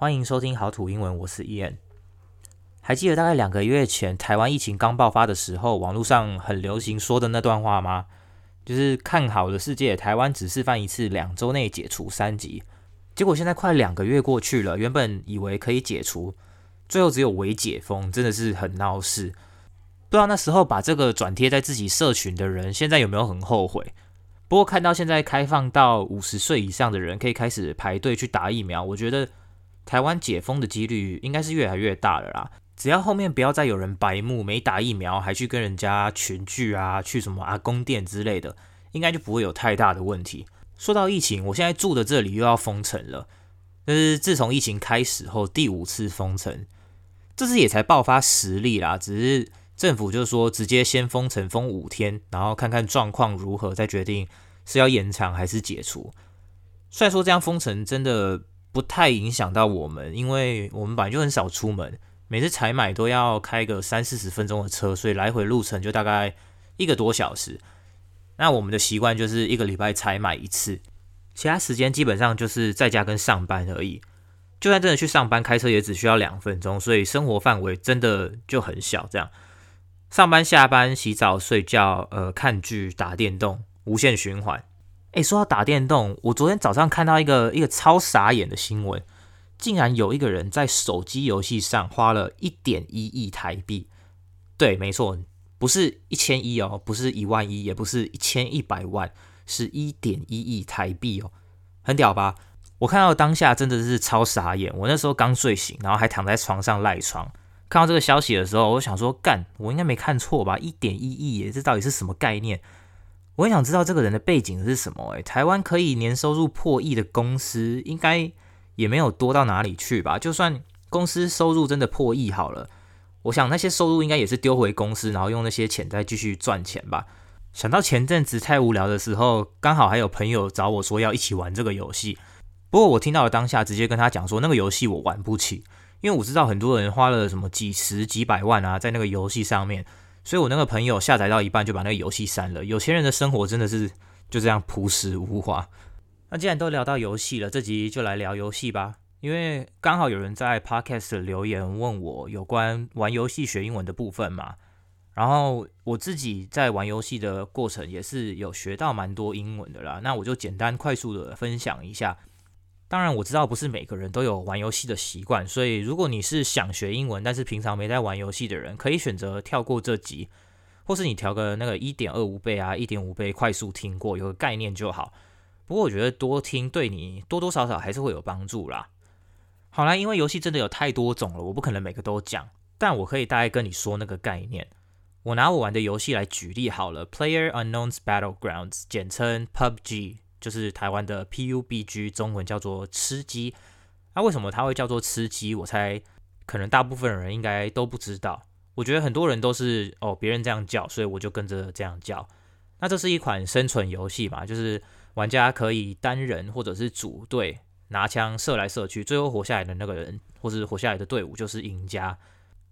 歡迎收聽好土英文，我是 Ian。還記得大概兩個月前台灣疫情剛爆發的時候，網絡上很流行說的那段話嗎？就是看好的世界，台灣只示範一次，兩周內解除三級。結果現在快兩個月過去了，原本以為可以解除，最後只有微解封，真的是很鬧事。不知道那時候把這個轉貼在自己社群的人，現在有沒有很後悔？不過看到現在開放到五十歲以上的人可以開始排隊去打疫苗，我覺得。台灣解封的幾率應該是越來越大了啦，只要後面不要再有人白目沒打疫苗還去跟人家群聚啊，去什麼阿公店之類的，應該就不會有太大的問題。說到疫情，我現在住的這裡又要封城了，但是自從疫情開始後第五次封城，這次也才爆發十例啦，只是政府就說直接先封城封五天，然後看看狀況如何再決定是要延長還是解除。雖然說這樣封城真的。不太影響到我們，因為我們本來就很少出門，每次採買都要開個三四十分鐘的車，所以來回路程就大概一個多小時。那我們的習慣就是一個禮拜採買一次，其他時間基本上就是在家跟上班而已。就算真的去上班，開車也只需要兩分鐘，所以生活範圍真的就很小。這樣，上班、下班、洗澡、睡覺，呃，看劇、打電動，無限循環。哎、欸，說到打電動，我昨天早上看到一個一個超傻眼的新聞，竟然有一個人在手機遊戲上花了一點一億台幣。對，沒錯，不是一千一哦，不是一萬一，也不是一千一百萬，是一點一億台幣哦，很屌吧？我看到當下真的是超傻眼。我那時候剛睡醒，然後還躺在床上賴床，看到這個消息的時候，我想說，幹，我應該沒看錯吧？一點一億耶，這到底是什麼概念？我也想知道這個人的背景是什麼誒、欸，台灣可以年收入破億的公司，應該也沒有多到哪裡去吧？就算公司收入真的破億好了，我想那些收入應該也是丟回公司，然後用那些錢再繼續賺錢吧。想到前陣子太無聊的時候，剛好還有朋友找我說要一起玩這個遊戲，不過我聽到了當下直接跟他講說，那個遊戲我玩不起，因為我知道很多人花了什麼幾十幾百萬啊，在那個遊戲上面。所以我那個朋友下載到一半就把那個遊戲刪了。有錢人的生活真的是就這樣樸實無華。那既然都聊到遊戲了，這集就來聊遊戲吧。因為剛好有人在 Podcast 留言問我有關玩遊戲學英文的部分嘛，然後我自己在玩遊戲的過程也是有學到蠻多英文的啦。那我就簡單快速的分享一下。當然，我知道不是每個人都有玩遊戲的習慣，所以如果你是想學英文，但是平常沒在玩遊戲的人，可以選擇跳過這集，或是你調個那個一點二五倍啊、一點五倍，快速聽過有個概念就好。不過我覺得多聽對你多多少少還是會有幫助啦。好啦，因為遊戲真的有太多種了，我不可能每個都講，但我可以大概跟你說那個概念。我拿我玩的遊戲來舉例好了，Player Unknown's Battlegrounds，簡稱 PUBG。就是台灣的 PUBG 中文叫做吃雞。那為什麼它會叫做吃雞？我猜可能大部分人應該都不知道。我覺得很多人都是哦，別人這樣叫，所以我就跟着這樣叫。那這是一款生存遊戲嘛，就是玩家可以單人或者是組隊拿槍射來射去，最後活下來的那個人或是活下來的隊伍就是贏家。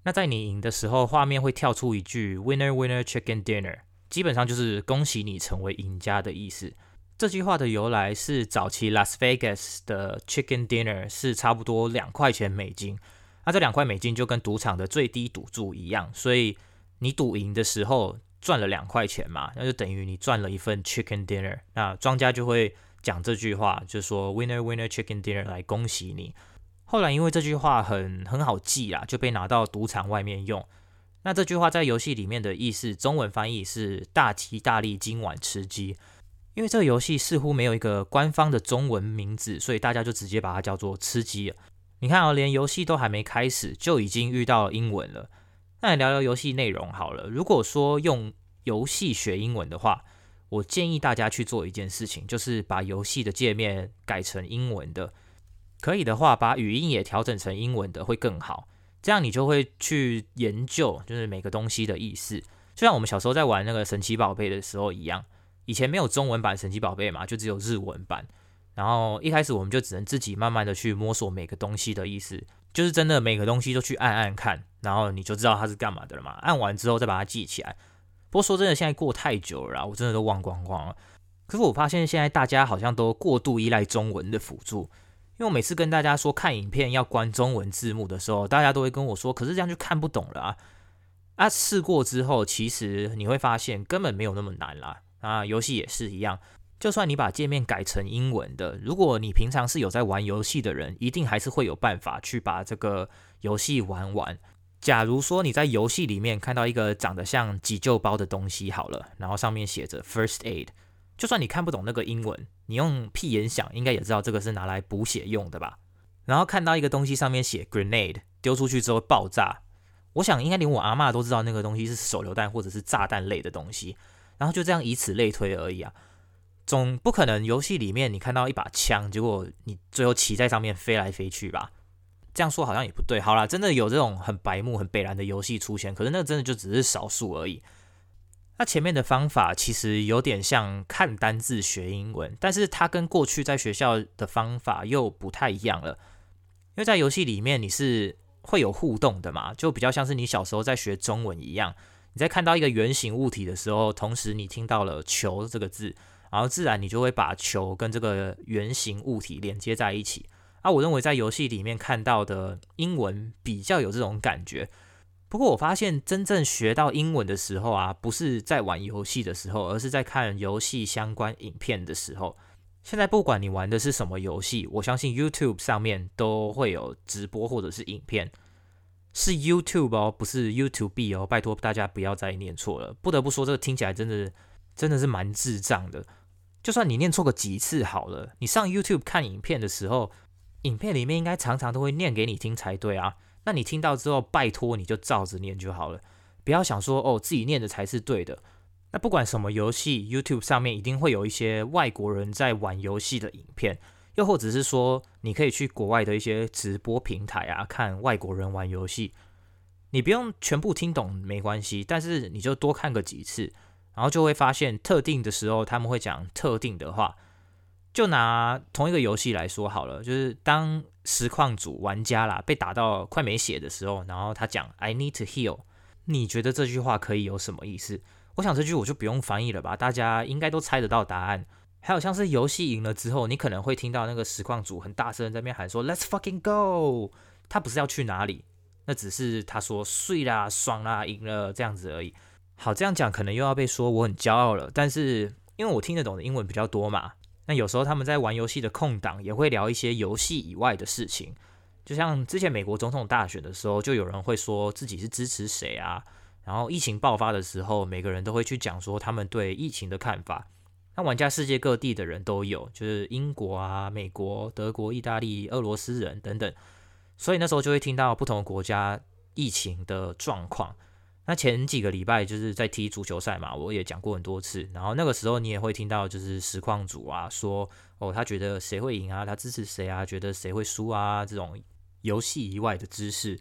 那在你贏的時候，畫面會跳出一句 "Winner Winner Chicken Dinner"，基本上就是恭喜你成為贏家的意思。這句話的由來是早期 Las Vegas 的 Chicken Dinner 是差不多兩塊錢美金，那這兩塊美金就跟賭場的最低賭注一樣，所以你賭贏的時候賺了兩塊錢嘛，那就等於你賺了一份 Chicken Dinner。那莊家就會講這句話，就說 Winner Winner Chicken Dinner 來恭喜你。後來因為這句話很很好記啊，就被拿到賭場外面用。那這句話在遊戲裡面的意思，中文翻譯是大吉大利，今晚吃雞。因為這個遊戲似乎沒有一個官方的中文名字，所以大家就直接把它叫做“吃雞”了。你看啊、哦，連遊戲都還沒開始，就已經遇到了英文了。那來聊聊遊戲內容好了。如果說用遊戲學英文的話，我建議大家去做一件事情，就是把遊戲的界面改成英文的。可以的話，把語音也調整成英文的會更好。這樣你就會去研究，就是每個東西的意思，就像我們小時候在玩那個《神奇寶貝》的時候一樣。以前沒有中文版神奇寶貝嘛，就只有日文版。然後一開始我們就只能自己慢慢的去摸索每個東西的意思，就是真的每個東西都去按按看，然後你就知道它是幹嘛的了嘛。按完之後再把它記起來。不過說真的，現在過太久了啦，我真的都忘光光了。可是我發現現在大家好像都過度依賴中文的輔助，因為我每次跟大家說看影片要關中文字幕的時候，大家都會跟我說，可是這樣就看不懂了啊。啊，試過之後，其實你會發現根本沒有那麼難啦。啊，遊戲也是一樣。就算你把界面改成英文的，如果你平常是有在玩遊戲的人，一定還是會有辦法去把這個遊戲玩完。假如說你在遊戲裡面看到一個長得像急救包的東西，好了，然後上面寫着 “First Aid”，就算你看不懂那個英文，你用屁眼想，應該也知道這個是拿來補血用的吧？然後看到一個東西上面寫 “Grenade”，丟出去之後爆炸，我想應該連我阿嬤都知道那個東西是手榴彈或者是炸彈類的東西。然後就這樣以此類推而已啊，總不可能遊戲裡面你看到一把槍，結果你最後騎在上面飛來飛去吧？這樣說好像也不對。好啦，真的有這種很白目、很北爛的遊戲出現，可是那個真的就只是少數而已。那前面的方法其實有點像看單字學英文，但是它跟過去在學校的方法又不太一樣了，因為在遊戲裡面你是會有互動的嘛，就比較像是你小時候在學中文一樣。你在看到一個圓形物體的時候，同時你聽到了“球”這個字，然後自然你就會把球跟這個圓形物體連接在一起。啊，我認為在遊戲裡面看到的英文比較有這種感覺。不過我發現真正學到英文的時候啊，不是在玩遊戲的時候，而是在看遊戲相關影片的時候。現在不管你玩的是什麼遊戲，我相信 YouTube 上面都會有直播或者是影片。是 YouTube 哦，不是 YouTube B 哦，拜託大家不要再念錯了。不得不說，這個聽起來真的真的是蠻智障的。就算你念錯個幾次好了，你上 YouTube 看影片的時候，影片裡面應該常常都會念給你聽才對啊。那你聽到之後，拜託你就照着念就好了，不要想說哦，自己念的才是對的。那不管什麼遊戲，YouTube 上面一定會有一些外國人在玩遊戲的影片。又或者是說，你可以去國外的一些直播平台啊，看外國人玩遊戲，你不用全部聽懂沒關係，但是你就多看個幾次，然後就會發現特定的時候他們會講特定的話。就拿同一個遊戲來說好了，就是當實況主玩家啦被打到快沒血的時候，然後他講 “I need to heal”，你覺得這句話可以有什麼意思？我想這句我就不用翻譯了吧，大家應該都猜得到答案。還有像是遊戲贏了之後，你可能會聽到那個實況主很大聲在那邊喊說 “Let's fucking go”，他不是要去哪裡，那只是他說“水啦、爽啦、贏了”這樣子而已。好，這樣講可能又要被說我很驕傲了，但是因為我聽得懂的英文比較多嘛，那有時候他們在玩遊戲的空檔也會聊一些遊戲以外的事情，就像之前美國總統大選的時候，就有人會說自己是支持誰啊，然後疫情爆發的時候，每個人都會去講說他們對疫情的看法。那玩家世界各地的人都有，就是英國啊、美國、德國、意大利、俄羅斯人等等，所以那時候就會聽到不同國家疫情的狀況。那前幾個禮拜就是在踢足球賽嘛，我也講過很多次。然後那個時候你也會聽到，就是實況主啊說哦，他覺得誰會贏啊，他支持誰啊，覺得誰會輸啊，這種遊戲以外的知識。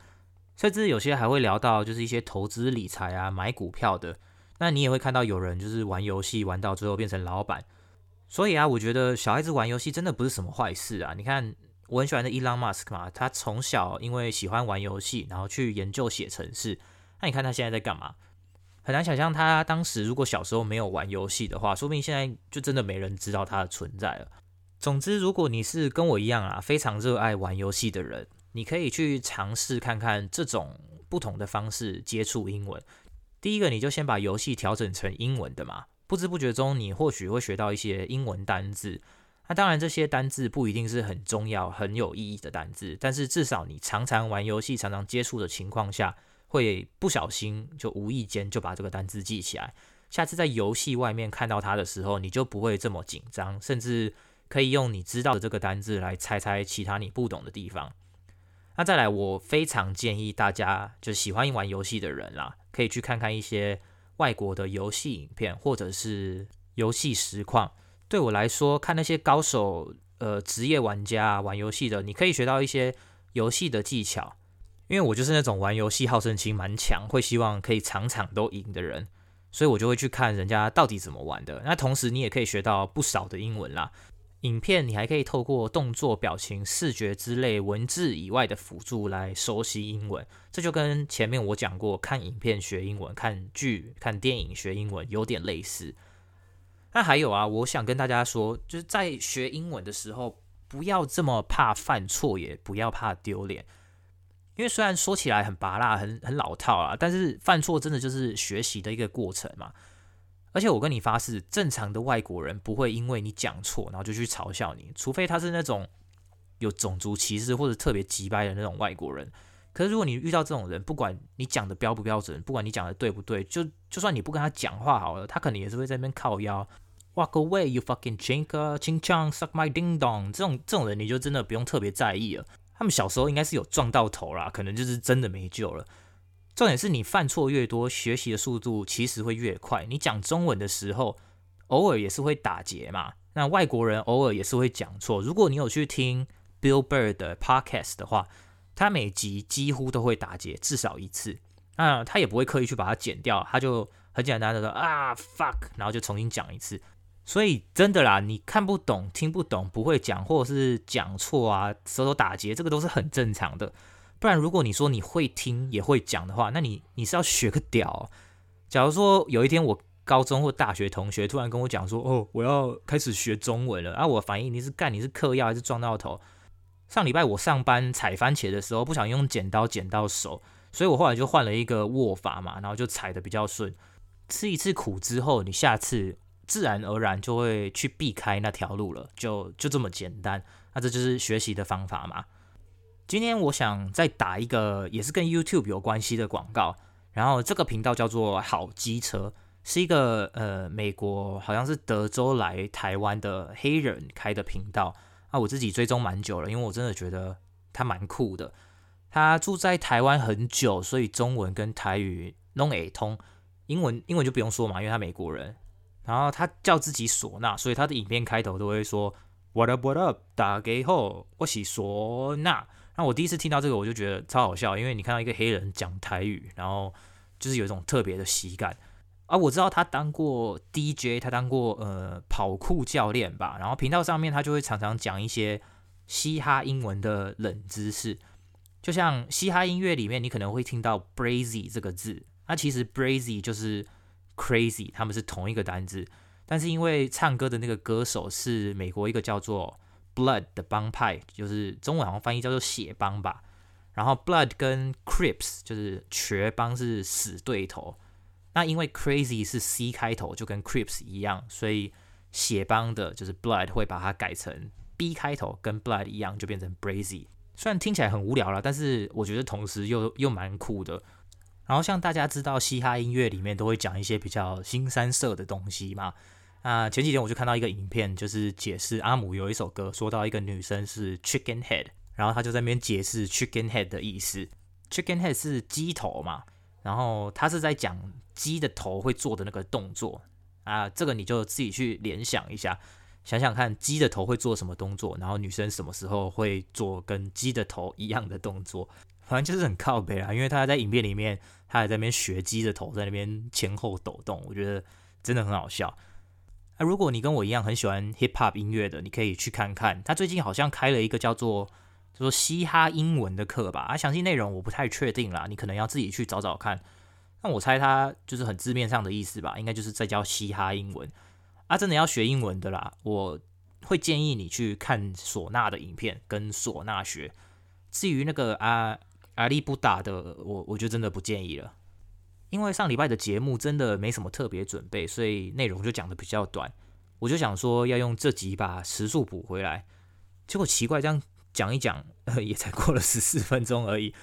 甚至有些還會聊到，就是一些投資理財啊、買股票的。那你也會看到有人就是玩遊戲玩到最後變成老板，所以啊，我覺得小孩子玩遊戲真的不是什麼壞事啊。你看我很喜歡的 Elon Musk 嘛，他從小因為喜歡玩遊戲，然後去研究寫程式。那你看他現在在幹嘛？很難想象他當時如果小時候沒有玩遊戲的話，說不定現在就真的沒人知道他的存在了。總之，如果你是跟我一樣啊，非常熱愛玩遊戲的人，你可以去嘗試看看這種不同的方式接觸英文。第一個，你就先把遊戲調整成英文的嘛。不知不覺中，你或許會學到一些英文單字。那當然，這些單字不一定是很重要、很有意義的單字，但是至少你常常玩遊戲、常常接觸的情況下，會不小心就無意間就把這個單字記起來。下次在遊戲外面看到它的時候，你就不會這麼緊張，甚至可以用你知道的這個單字來猜猜其他你不懂的地方。那再來，我非常建議大家，就喜歡玩遊戲的人啦。可以去看看一些外國的遊戲影片，或者是遊戲實況。對我來說，看那些高手、呃，職業玩家玩遊戲的，你可以學到一些遊戲的技巧。因為我就是那種玩遊戲好勝心蠻強，會希望可以場場都贏的人，所以我就會去看人家到底怎麼玩的。那同時，你也可以學到不少的英文啦。影片你還可以透過動作、表情、視覺之類文字以外的輔助來熟悉英文，這就跟前面我講過看影片學英文、看劇、看電影學英文有點類似。那還有啊，我想跟大家說，就是在學英文的時候，不要這麼怕犯錯，也不要怕丟臉，因為雖然說起來很芭樂、很很老套啊，但是犯錯真的就是學習的一個過程嘛。而且我跟你發誓，正常的外國人不會因為你講錯然後就去嘲笑你，除非他是那種有種族歧視或者特別機掰的那種外國人。可是如果你遇到這種人，不管你講的標不標準，不管你講的對不對，就就算你不跟他講話好了，他可能也是會在那邊靠腰。Walk away, you fucking chink, ching chong, suck my ding dong。這種這種人你就真的不用特別在意了。他們小時候應該是有撞到頭啦，可能就是真的沒救了。重點是你犯錯越多，學習的速度其實會越快。你講中文的時候，偶爾也是會打結嘛。那外國人偶爾也是會講錯。如果你有去聽 Bill Burr 的 podcast 的話，他每集幾乎都會打結，至少一次。那他也不會刻意去把它剪掉，他就很簡單的說啊 fuck，然後就重新講一次。所以真的啦，你看不懂、聽不懂、不會講，或者是講錯啊、手手打結，這個都是很正常的。不然，如果你說你會聽也會講的話，那你你是要學個屌哦。假如說有一天我高中或大學同學突然跟我講說，哦，我要開始學中文了，啊，我反應你是幹？你是嗑藥還是撞到頭？上禮拜我上班採番茄的時候，不想用剪刀剪到手，所以我後來就換了一個握法嘛，然後就採得比較順。吃一次苦之後，你下次自然而然就會去避開那條路了，就就這麼簡單。那這就是學習的方法嘛。今天我想再打一個也是跟 YouTube 有關係的廣告，然後這個頻道叫做好機車，是一個呃美國好像是德州來台灣的黑人開的頻道。啊，我自己追蹤蠻久了，因為我真的覺得他蠻酷的。他住在台灣很久，所以中文跟台語弄誒通，英文英文就不用說嘛，因為他美國人。然後他叫自己索納，所以他的影片開頭都會說 What up, What up？打給後我是索納。那我第一次聽到這個，我就覺得超好笑，因為你看到一個黑人講台語，然後就是有一種特別的喜感啊。我知道他當過 DJ，他當過呃跑酷教練吧。然後頻道上面他就會常常講一些嘻哈英文的冷知識，就像嘻哈音樂裡面你可能會聽到 “brazy” 這個字，那其實 “brazy” 就是 “crazy”，他們是同一個單字，但是因為唱歌的那個歌手是美國一個叫做。Blood 的幫派就是中文好像翻譯叫做血幫吧，然後 Blood 跟 Crips 就是瘸幫是死對頭。那因為 Crazy 是 C 開頭，就跟 Crips 一樣，所以血幫的就是 Blood 會把它改成 B 開頭，跟 Blood 一樣就變成 Brazy。雖然聽起來很無聊啦，但是我覺得同時又又蠻酷的。然後像大家知道嘻哈音樂裡面都會講一些比較腥羶色的東西嘛。那、uh, 前幾天我就看到一個影片，就是解釋阿姆有一首歌，說到一個女生是 chicken head，然後她就在那邊解釋 chicken head 的意思。chicken head 是雞頭嘛？然後她是在講雞的頭會做的那個動作啊，uh, 這個你就自己去聯想一下，想想看雞的頭會做什麼動作，然後女生什麼時候會做跟雞的頭一樣的動作？反正就是很靠北啊，因為她還在影片裡面，她還在那邊學雞的頭在那邊前後抖動，我覺得真的很好笑。啊，如果你跟我一樣很喜歡 hip hop 音樂的，你可以去看看，他最近好像開了一個叫做，就是說嘻哈英文的課吧。啊，詳細內容我不太確定啦，你可能要自己去找找看。那我猜他就是很字面上的意思吧，應該就是在教嘻哈英文。啊，真的要學英文的啦，我會建議你去看嗩吶的影片跟嗩吶學。至於那個啊阿力不打的，我我就真的不建議了。因為上禮拜的節目真的沒什麼特別準備，所以內容就講得比較短。我就想說要用這集把時數補回來，結果奇怪，這樣講一講，也才過了十四分鐘而已。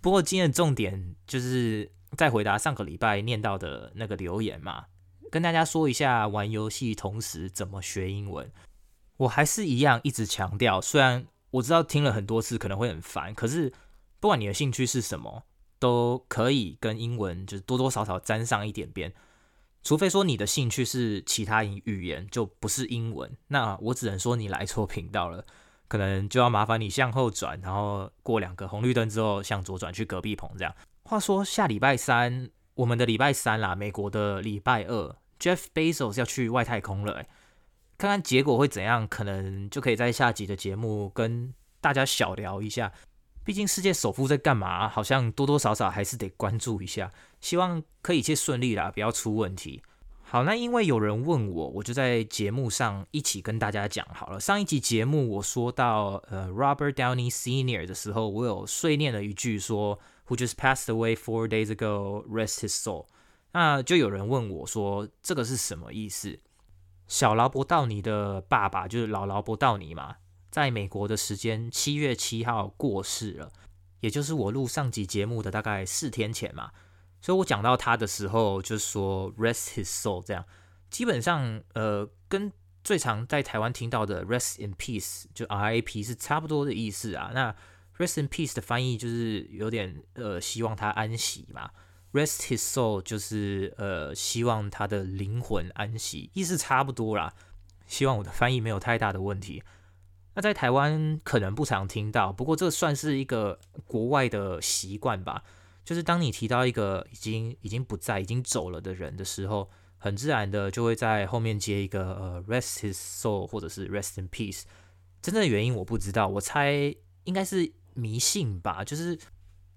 不過今天的重點就是在回答上個禮拜念到的那個留言嘛，跟大家說一下玩遊戲同時怎麼學英文。我還是一樣一直強調，雖然我知道聽了很多次可能會很煩，可是不管你的興趣是什麼。都可以跟英文就是多多少少沾上一點邊，除非說你的興趣是其他語言，就不是英文，那我只能說你來錯頻道了，可能就要麻煩你向後轉，然後過兩個紅綠燈之後向左轉去隔壁棚這樣。話說下禮拜三，我們的禮拜三啦，美國的禮拜二，Jeff Bezos 要去外太空了欸，看看結果會怎樣，可能就可以在下集的節目跟大家小聊一下。畢竟世界首富在幹嘛？好像多多少少還是得關注一下。希望可以一切順利啦，不要出問題。好，那因為有人問我，我就在節目上一起跟大家講好了。上一集節目我說到呃，Robert Downey Senior 的時候，我有碎念了一句說，Who just passed away four days ago, rest his soul。那就有人問我說，這個是什麼意思？小勞勃道尼的爸爸就是老勞勃道尼嘛。在美國的時間七月七號過世了，也就是我錄上集節目的大概四天前嘛，所以我講到他的時候，就說 Rest his soul，這樣基本上呃跟最常在台灣聽到的 Rest in peace，就 RIP，是差不多的意思啊。那 Rest in peace 的翻譯就是有點呃希望他安息嘛，Rest his soul 就是呃希望他的靈魂安息，意思差不多啦。希望我的翻譯沒有太大的問題。在台灣可能不常聽到，不過這算是一個國外的習慣吧。就是當你提到一個已經已經不在、已經走了的人的時候，很自然的就會在後面接一個呃 “rest his soul” 或者是 “rest in peace”。真正的原因我不知道，我猜應該是迷信吧。就是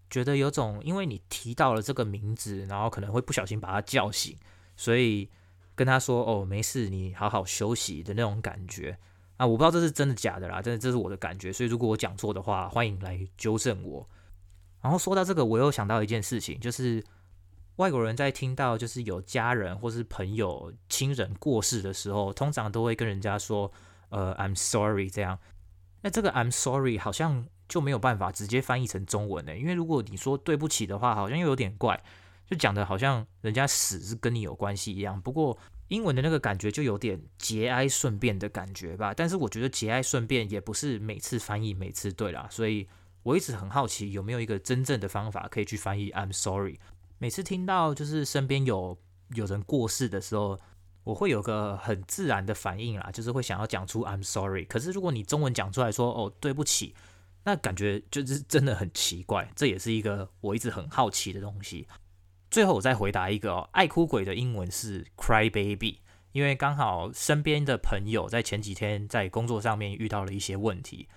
覺得有種，因為你提到了這個名字，然後可能會不小心把他叫醒，所以跟他說：“哦，沒事，你好好休息的那種感覺。”啊，我不知道這是真的假的啦，真的。這是我的感覺，所以如果我講錯的話，歡迎來糾正我。然後說到這個，我又想到一件事情，就是外國人在聽到就是有家人或是朋友親人過世的時候，通常都會跟人家說“呃，I'm sorry” 這樣。那這個 “I'm sorry” 好像就沒有辦法直接翻譯成中文呢、欸，因為如果你說對不起的話，好像又有點怪，就講的好像人家死是跟你有關係一樣。不過英文的那個感覺就有點節哀順變的感覺吧，但是我覺得節哀順變也不是每次翻譯每次對啦，所以我一直很好奇有沒有一個真正的方法可以去翻譯 I'm sorry。每次聽到就是身邊有有人過世的時候，我會有個很自然的反應啦，就是會想要講出 I'm sorry。可是如果你中文講出來說哦，對不起，那感覺就是真的很奇怪，這也是一個我一直很好奇的東西。最後我再回答一個哦，愛哭鬼的英文是 cry baby，因為剛好身邊的朋友在前幾天在工作上面遇到了一些問題，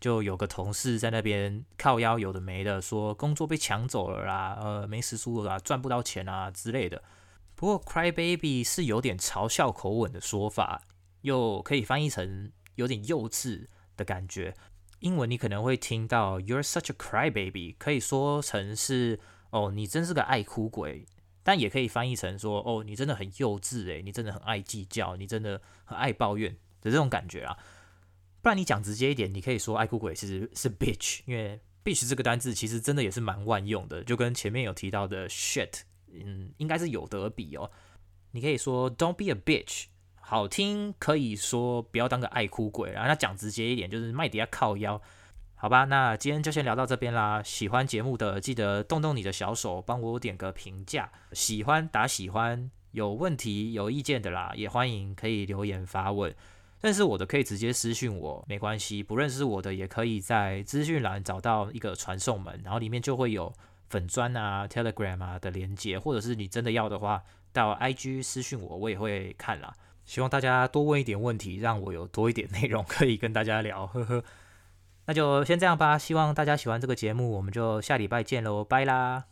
就有個同事在那邊靠腰有的沒的說工作被搶走了啦，呃，沒時數了啦，賺不到錢啊之類的。不過 cry baby 是有點嘲笑口吻的說法，又可以翻譯成有點幼稚的感覺。英文你可能會聽到 you're such a cry baby，可以說成是。哦，你真是個愛哭鬼，但也可以翻譯成說哦，你真的很幼稚誒，你真的很愛計較，你真的很愛抱怨的這種感覺啊。不然你講直接一點，你可以說愛哭鬼其實是 bitch，因為 bitch 這個單字其實真的也是蠻萬用的，就跟前面有提到的 shit，嗯，應該是有得比哦。你可以說 don't be a bitch，好聽可以說不要當個愛哭鬼，然後講直接一點就是麥迪亞靠腰。好吧，那今天就先聊到這邊啦。喜歡節目的，記得動動你的小手，幫我點個評價。喜歡打喜歡，有問題有意見的啦，也歡迎可以留言發問。認識我的可以直接私訊我，沒關係。不認識我的也可以在資訊欄找到一個傳送門，然後裡面就會有粉專啊、Telegram 啊的連結，或者是你真的要的話，到 IG 私訊我，我也會看啦。希望大家多問一點問題，讓我有多一點內容可以跟大家聊，呵呵。那就先這樣吧，希望大家喜歡這個節目，我們就下禮拜見嘍，拜啦！